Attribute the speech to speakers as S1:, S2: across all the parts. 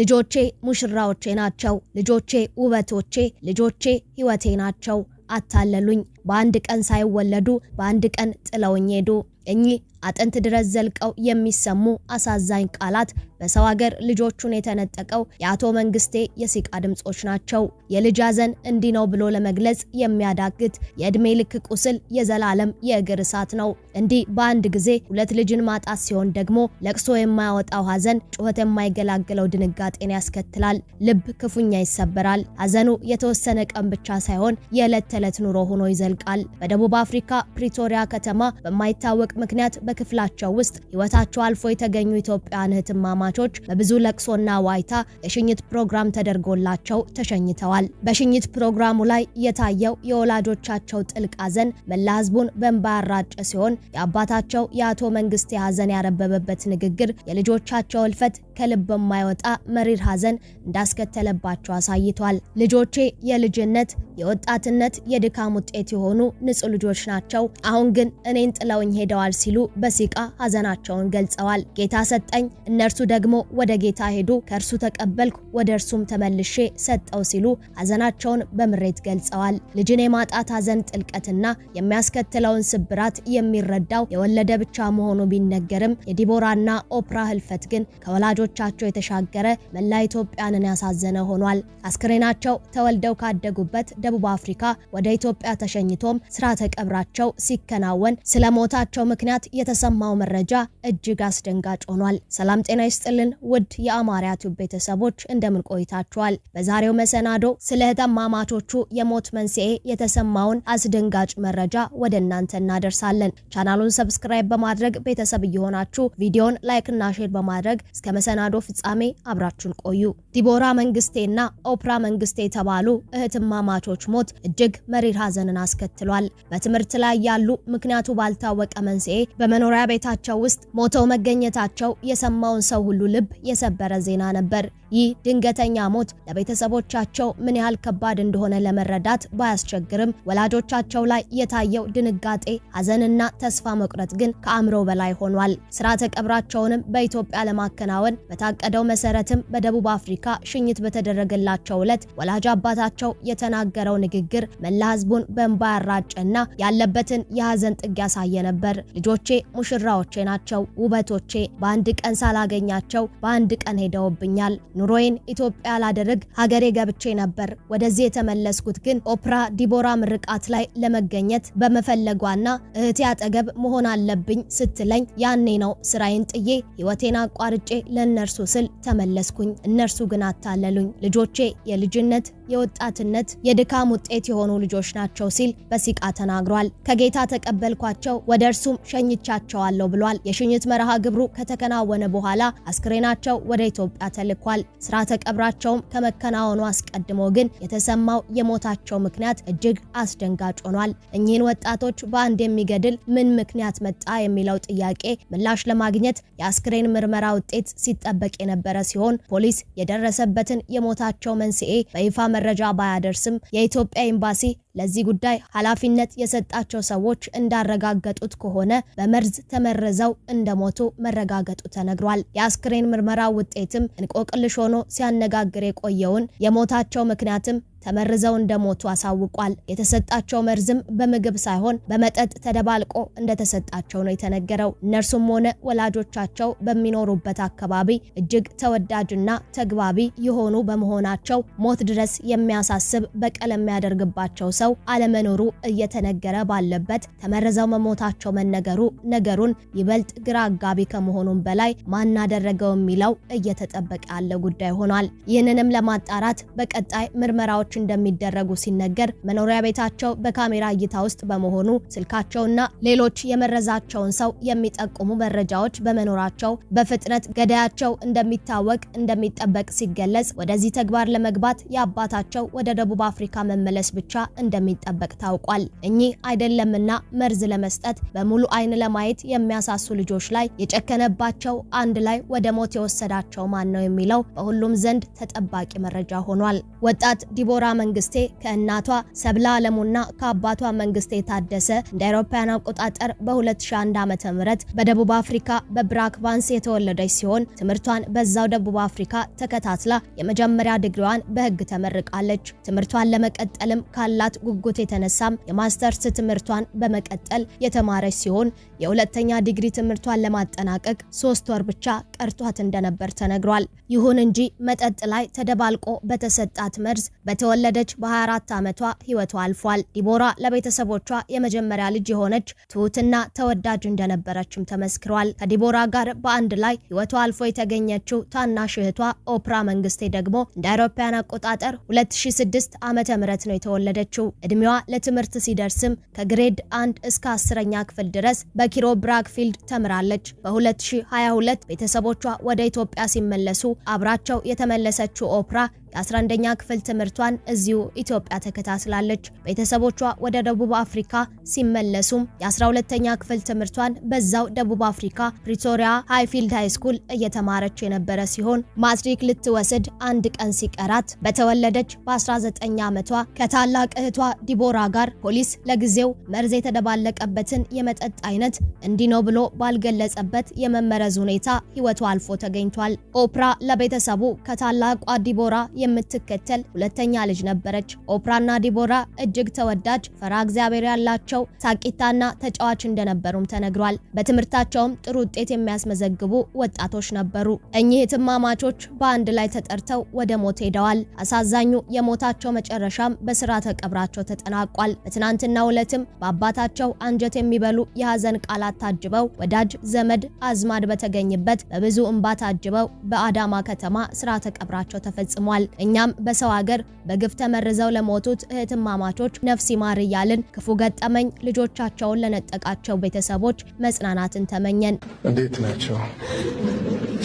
S1: ልጆቼ ሙሽራዎቼ ናቸው። ልጆቼ ውበቶቼ፣ ልጆቼ ህይወቴ ናቸው። አታለሉኝ። በአንድ ቀን ሳይወለዱ በአንድ ቀን ጥለውኝ ሄዱ። እኚህ አጥንት ድረስ ዘልቀው የሚሰሙ አሳዛኝ ቃላት በሰው ሀገር ልጆቹን የተነጠቀው የአቶ መንግስቴ የሲቃ ድምጾች ናቸው። የልጅ ሐዘን እንዲህ ነው ብሎ ለመግለጽ የሚያዳግት የእድሜ ልክ ቁስል፣ የዘላለም የእግር እሳት ነው። እንዲህ በአንድ ጊዜ ሁለት ልጅን ማጣት ሲሆን ደግሞ ለቅሶ የማያወጣው ሐዘን ጩኸት የማይገላግለው ድንጋጤን ያስከትላል። ልብ ክፉኛ ይሰበራል። ሐዘኑ የተወሰነ ቀን ብቻ ሳይሆን የዕለት ተዕለት ኑሮ ሆኖ ይዘልቃል። በደቡብ አፍሪካ ፕሪቶሪያ ከተማ በማይታወቅ ምክንያት ክፍላቸው ውስጥ ህይወታቸው አልፎ የተገኙ ኢትዮጵያውያን እህትማማቾች በብዙ ለቅሶና ዋይታ የሽኝት ፕሮግራም ተደርጎላቸው ተሸኝተዋል። በሽኝት ፕሮግራሙ ላይ የታየው የወላጆቻቸው ጥልቅ ሐዘን መላ ህዝቡን በእንባ ያራጨ ሲሆን የአባታቸው የአቶ መንግስት ሐዘን ያረበበበት ንግግር የልጆቻቸው ህልፈት ከልብ የማይወጣ መሪር ሐዘን እንዳስከተለባቸው አሳይቷል። ልጆቼ የልጅነት የወጣትነት የድካም ውጤት የሆኑ ንጹህ ልጆች ናቸው። አሁን ግን እኔን ጥለውኝ ሄደዋል ሲሉ በሲቃ ሐዘናቸውን ገልጸዋል። ጌታ ሰጠኝ፣ እነርሱ ደግሞ ወደ ጌታ ሄዱ። ከእርሱ ተቀበልኩ፣ ወደ እርሱም ተመልሼ ሰጠው ሲሉ ሐዘናቸውን በምሬት ገልጸዋል። ልጅን የማጣት ሐዘን ጥልቀትና የሚያስከትለውን ስብራት የሚረዳው የወለደ ብቻ መሆኑ ቢነገርም የዲቦራና ኦፕራ ህልፈት ግን ከወላጆ ከልጆቻቸው የተሻገረ መላ ኢትዮጵያንን ያሳዘነ ሆኗል። አስክሬናቸው ተወልደው ካደጉበት ደቡብ አፍሪካ ወደ ኢትዮጵያ ተሸኝቶም ስርዓተ ቀብራቸው ሲከናወን ስለ ሞታቸው ምክንያት የተሰማው መረጃ እጅግ አስደንጋጭ ሆኗል። ሰላም ጤና ይስጥልን ውድ የአማርያ ቲዩብ ቤተሰቦች እንደምን ቆይታችኋል? በዛሬው መሰናዶ ስለ ህተማማቾቹ የሞት መንስኤ የተሰማውን አስደንጋጭ መረጃ ወደ እናንተ እናደርሳለን። ቻናሉን ሰብስክራይብ በማድረግ ቤተሰብ እየሆናችሁ ቪዲዮን ላይክና ሼር በማድረግ እስከ መሰናዶ ፍጻሜ አብራችሁን ቆዩ። ዲቦራ መንግስቴና ኦፕራ መንግስቴ የተባሉ እህትማማቾች ሞት እጅግ መሪር ሀዘንን አስከትሏል። በትምህርት ላይ ያሉ ምክንያቱ ባልታወቀ መንስኤ በመኖሪያ ቤታቸው ውስጥ ሞተው መገኘታቸው የሰማውን ሰው ሁሉ ልብ የሰበረ ዜና ነበር። ይህ ድንገተኛ ሞት ለቤተሰቦቻቸው ምን ያህል ከባድ እንደሆነ ለመረዳት ባያስቸግርም ወላጆቻቸው ላይ የታየው ድንጋጤ፣ ሀዘንና ተስፋ መቁረጥ ግን ከአእምሮ በላይ ሆኗል። ስርዓተ ቀብራቸውንም በኢትዮጵያ ለማከናወን በታቀደው መሰረትም በደቡብ አፍሪካ ሽኝት በተደረገላቸው ዕለት ወላጅ አባታቸው የተናገረው ንግግር መላ ህዝቡን በእንባ ያራጨና ያለበትን የሀዘን ጥግ ያሳየ ነበር። ልጆቼ ሙሽራዎቼ ናቸው፣ ውበቶቼ። በአንድ ቀን ሳላገኛቸው በአንድ ቀን ሄደውብኛል። ኑሮዬን ኢትዮጵያ ላደርግ ሀገሬ ገብቼ ነበር። ወደዚህ የተመለስኩት ግን ኦፕራ ዲቦራ ምርቃት ላይ ለመገኘት በመፈለጓና እህቴ አጠገብ መሆን አለብኝ ስትለኝ ያኔ ነው ስራዬን ጥዬ ህይወቴን አቋርጬ ለነ እነርሱ ስል ተመለስኩኝ። እነርሱ ግን አታለሉኝ። ልጆቼ የልጅነት የወጣትነት የድካም ውጤት የሆኑ ልጆች ናቸው ሲል በሲቃ ተናግሯል። ከጌታ ተቀበልኳቸው ወደ እርሱም ሸኝቻቸዋለሁ ብሏል። የሽኝት መርሃ ግብሩ ከተከናወነ በኋላ አስክሬናቸው ወደ ኢትዮጵያ ተልኳል። ስራ ተቀብራቸውም ከመከናወኑ አስቀድሞ ግን የተሰማው የሞታቸው ምክንያት እጅግ አስደንጋጭ ሆኗል። እኚህን ወጣቶች በአንድ የሚገድል ምን ምክንያት መጣ የሚለው ጥያቄ ምላሽ ለማግኘት የአስክሬን ምርመራ ውጤት ሲጠበቅ የነበረ ሲሆን ፖሊስ የደረሰበትን የሞታቸው መንስኤ በይፋ መረጃ ባያደርስም የኢትዮጵያ ኤምባሲ ለዚህ ጉዳይ ኃላፊነት የሰጣቸው ሰዎች እንዳረጋገጡት ከሆነ በመርዝ ተመርዘው እንደሞቱ መረጋገጡ ተነግሯል። የአስክሬን ምርመራ ውጤትም እንቆቅልሽ ሆኖ ሲያነጋግር የቆየውን የሞታቸው ምክንያትም ተመርዘው እንደሞቱ አሳውቋል። የተሰጣቸው መርዝም በምግብ ሳይሆን በመጠጥ ተደባልቆ እንደተሰጣቸው ነው የተነገረው። እነርሱም ሆነ ወላጆቻቸው በሚኖሩበት አካባቢ እጅግ ተወዳጅና ተግባቢ የሆኑ በመሆናቸው ሞት ድረስ የሚያሳስብ በቀል የሚያደርግባቸው ሰው አለመኖሩ እየተነገረ ባለበት ተመርዘው መሞታቸው መነገሩ ነገሩን ይበልጥ ግራ አጋቢ ከመሆኑም በላይ ማናደረገው የሚለው እየተጠበቀ ያለ ጉዳይ ሆኗል። ይህንንም ለማጣራት በቀጣይ ምርመራዎች እንደሚደረጉ ሲነገር መኖሪያ ቤታቸው በካሜራ እይታ ውስጥ በመሆኑ ስልካቸውና ሌሎች የመረዛቸውን ሰው የሚጠቁሙ መረጃዎች በመኖራቸው በፍጥነት ገዳያቸው እንደሚታወቅ እንደሚጠበቅ ሲገለጽ ወደዚህ ተግባር ለመግባት የአባታቸው ወደ ደቡብ አፍሪካ መመለስ ብቻ እንደሚጠበቅ ታውቋል። እኚህ አይደለምና መርዝ ለመስጠት በሙሉ አይን ለማየት የሚያሳሱ ልጆች ላይ የጨከነባቸው አንድ ላይ ወደ ሞት የወሰዳቸው ማን ነው የሚለው በሁሉም ዘንድ ተጠባቂ መረጃ ሆኗል። ወጣት ዲቦራ ኤርትራ መንግስቴ፣ ከእናቷ ሰብለ አለሙና ከአባቷ መንግስቴ ታደሰ እንደ አውሮፓውያን አቆጣጠር በ2001 ዓ.ም በደቡብ አፍሪካ በብራክባንስ የተወለደች ሲሆን ትምህርቷን በዛው ደቡብ አፍሪካ ተከታትላ የመጀመሪያ ድግሪዋን በህግ ተመርቃለች። ትምህርቷን ለመቀጠልም ካላት ጉጉት የተነሳም የማስተርስ ትምህርቷን በመቀጠል የተማረች ሲሆን የሁለተኛ ዲግሪ ትምህርቷን ለማጠናቀቅ ሶስት ወር ብቻ ቀርቷት እንደነበር ተነግሯል። ይሁን እንጂ መጠጥ ላይ ተደባልቆ በተሰጣት መርዝ በተወ እንደወለደች በ24 ዓመቷ ህይወቷ አልፏል። ዲቦራ ለቤተሰቦቿ የመጀመሪያ ልጅ የሆነች ትሁትና ተወዳጅ እንደነበረችም ተመስክሯል። ከዲቦራ ጋር በአንድ ላይ ህይወቷ አልፎ የተገኘችው ታናሽ እህቷ ኦፕራ መንግስቴ ደግሞ እንደ አውሮፓውያን አቆጣጠር 2006 ዓመተ ምህረት ነው የተወለደችው። እድሜዋ ለትምህርት ሲደርስም ከግሬድ አንድ እስከ አስረኛ ክፍል ድረስ በኪሮ ብራክፊልድ ተምራለች። በ2022 ቤተሰቦቿ ወደ ኢትዮጵያ ሲመለሱ አብራቸው የተመለሰችው ኦፕራ የ11ኛ ክፍል ትምህርቷን እዚሁ ኢትዮጵያ ተከታትላለች። ቤተሰቦቿ ወደ ደቡብ አፍሪካ ሲመለሱም የ12ኛ ክፍል ትምህርቷን በዛው ደቡብ አፍሪካ ፕሪቶሪያ ሃይፊልድ ሃይስኩል እየተማረች የነበረ ሲሆን ማትሪክ ልትወስድ አንድ ቀን ሲቀራት በተወለደች በ19 ዓመቷ ከታላቅ እህቷ ዲቦራ ጋር ፖሊስ ለጊዜው መርዝ የተደባለቀበትን የመጠጥ አይነት እንዲህ ነው ብሎ ባልገለጸበት የመመረዝ ሁኔታ ህይወቷ አልፎ ተገኝቷል። ኦፕራ ለቤተሰቡ ከታላቋ ዲቦራ የምትከተል ሁለተኛ ልጅ ነበረች። ኦፕራና ዲቦራ እጅግ ተወዳጅ፣ ፈራ እግዚአብሔር ያላቸው ሳቂታና ተጫዋች እንደነበሩም ተነግሯል። በትምህርታቸውም ጥሩ ውጤት የሚያስመዘግቡ ወጣቶች ነበሩ። እኚህ እህትማማቾች በአንድ ላይ ተጠርተው ወደ ሞት ሄደዋል። አሳዛኙ የሞታቸው መጨረሻም በስርዓተ ቀብራቸው ተጠናቋል። በትናንትናው ዕለትም በአባታቸው አንጀት የሚበሉ የሀዘን ቃላት ታጅበው ወዳጅ ዘመድ አዝማድ በተገኘበት በብዙ እንባ ታጅበው በአዳማ ከተማ ስርዓተ ቀብራቸው ተፈጽሟል። እኛም በሰው ሀገር በግፍ ተመርዘው ለሞቱት እህትማማቾች ነፍስ ይማር እያልን ክፉ ገጠመኝ ልጆቻቸውን ለነጠቃቸው ቤተሰቦች መጽናናትን ተመኘን።
S2: እንዴት ናቸው?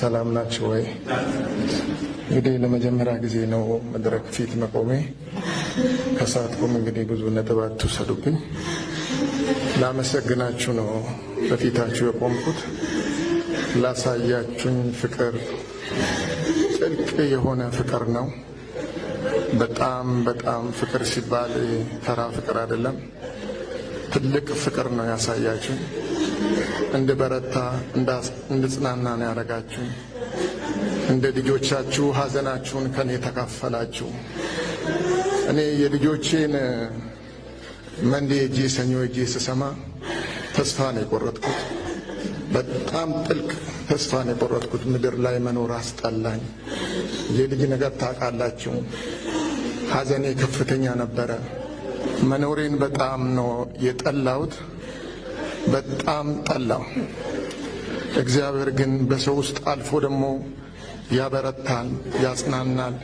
S2: ሰላም ናቸው ወይ? እንግዲህ ለመጀመሪያ ጊዜ ነው መድረክ ፊት መቆሜ። ከሳትኩም እንግዲህ ብዙ ነጥብ አትውሰዱብኝ። ላመሰግናችሁ ነው በፊታችሁ የቆምኩት ላሳያችሁኝ ፍቅር ጥልቅ የሆነ ፍቅር ነው። በጣም በጣም ፍቅር ሲባል ተራ ፍቅር አይደለም። ትልቅ ፍቅር ነው ያሳያችሁ። እንደ በረታ እንድጽናና ነው ያደረጋችሁ። እንደ ልጆቻችሁ ሀዘናችሁን ከኔ ተካፈላችሁ። እኔ የልጆቼን መንዴ እጄ ሰኞ እጄ ስሰማ ተስፋ ነው የቆረጥኩት። በጣም ጥልቅ ተስፋን የቆረጥኩት ምድር ላይ መኖር አስጠላኝ። የልጅ ነገር ታውቃላችሁ፣ ሐዘኔ ከፍተኛ ነበረ። መኖሬን በጣም ነው የጠላሁት፣ በጣም ጠላው። እግዚአብሔር ግን በሰው ውስጥ አልፎ ደግሞ ያበረታል፣ ያጽናናል።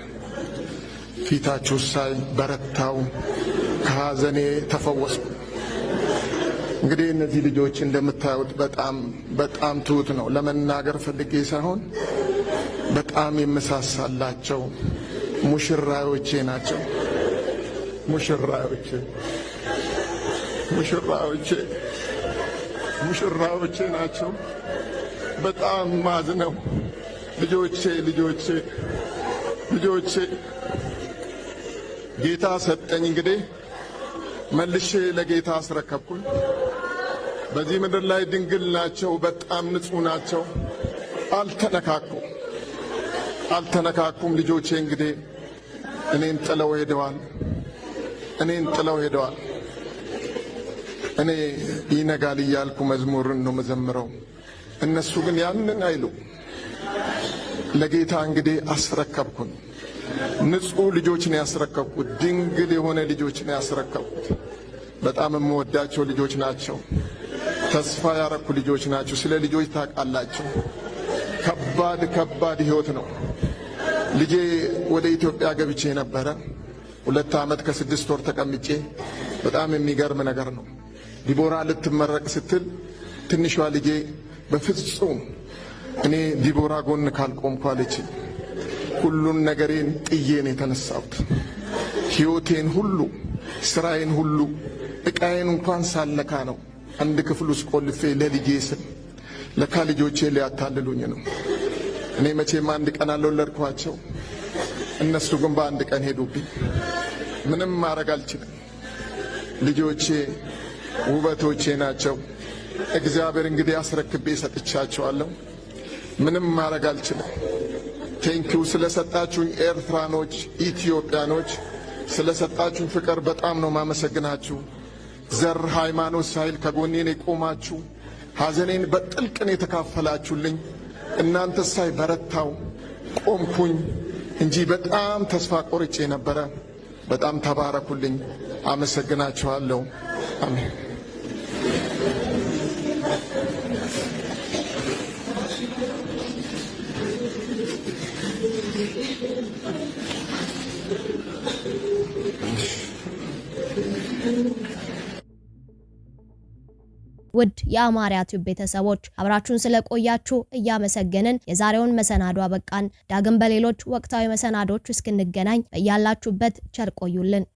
S2: ፊታችሁ ሳይ በረታው፣ ከሐዘኔ ተፈወስኩ። እንግዲህ እነዚህ ልጆች እንደምታዩት በጣም በጣም ትሁት ነው። ለመናገር ፈልጌ ሳይሆን በጣም የምሳሳላቸው ሙሽራዮቼ ናቸው። ሙሽራዮቼ ሙሽራዮቼ ሙሽራዎቼ ናቸው። በጣም ማዝ ነው። ልጆቼ ልጆቼ ልጆቼ ጌታ ሰጠኝ እንግዲህ መልሼ ለጌታ አስረከብኩኝ። በዚህ ምድር ላይ ድንግል ናቸው። በጣም ንጹህ ናቸው። አልተነካኩም አልተነካኩም። ልጆቼ እንግዲህ እኔን ጥለው ሄደዋል። እኔን ጥለው ሄደዋል። እኔ ይነጋል እያልኩ መዝሙርን ነው መዘምረው። እነሱ ግን ያንን አይሉ ለጌታ እንግዲህ አስረከብኩን። ንጹህ ልጆች ነው ያስረከብኩት። ድንግል የሆነ ልጆች ነው ያስረከብኩት። በጣም የምወዳቸው ልጆች ናቸው። ተስፋ ያረኩ ልጆች ናችሁ። ስለ ልጆች ታውቃላችሁ። ከባድ ከባድ ህይወት ነው። ልጄ ወደ ኢትዮጵያ ገብቼ ነበረ ሁለት ዓመት ከስድስት ወር ተቀምጬ፣ በጣም የሚገርም ነገር ነው። ዲቦራ ልትመረቅ ስትል ትንሿ ልጄ በፍጹም እኔ ዲቦራ ጎን ካልቆምኩ አለች። ሁሉን ነገሬን ጥዬን የተነሳሁት ህይወቴን ሁሉ ሥራዬን ሁሉ ዕቃዬን እንኳን ሳለካ ነው አንድ ክፍል ውስጥ ቆልፌ ለልጄ ስል ለካ ልጆቼ ሊያታልሉኝ ነው። እኔ መቼም አንድ ቀን አልወለድኳቸው፣ እነሱ ግን በአንድ ቀን ሄዱብኝ። ምንም ማድረግ አልችልም። ልጆቼ ውበቶቼ ናቸው። እግዚአብሔር እንግዲህ አስረክቤ ሰጥቻቸዋለሁ። ምንም ማድረግ አልችልም። ቴንኪው ስለሰጣችሁኝ፣ ኤርትራኖች፣ ኢትዮጵያኖች ስለሰጣችሁኝ ፍቅር በጣም ነው ማመሰግናችሁ። ዘር፣ ሃይማኖት ሳይል ከጎኔን የቆማችሁ ሐዘኔን በጥልቅን የተካፈላችሁልኝ እናንተ ሳይ በረታው ቆምኩኝ እንጂ በጣም ተስፋ ቆርጬ ነበረ። በጣም ተባረኩልኝ። አመሰግናችኋለሁ። አሜን።
S1: ውድ የአማርያ ቲዩብ ቤተሰቦች አብራችሁን ስለቆያችሁ እያመሰገንን የዛሬውን መሰናዶ አበቃን። ዳግም በሌሎች ወቅታዊ መሰናዶች እስክንገናኝ በያላችሁበት ቸር ቆዩልን።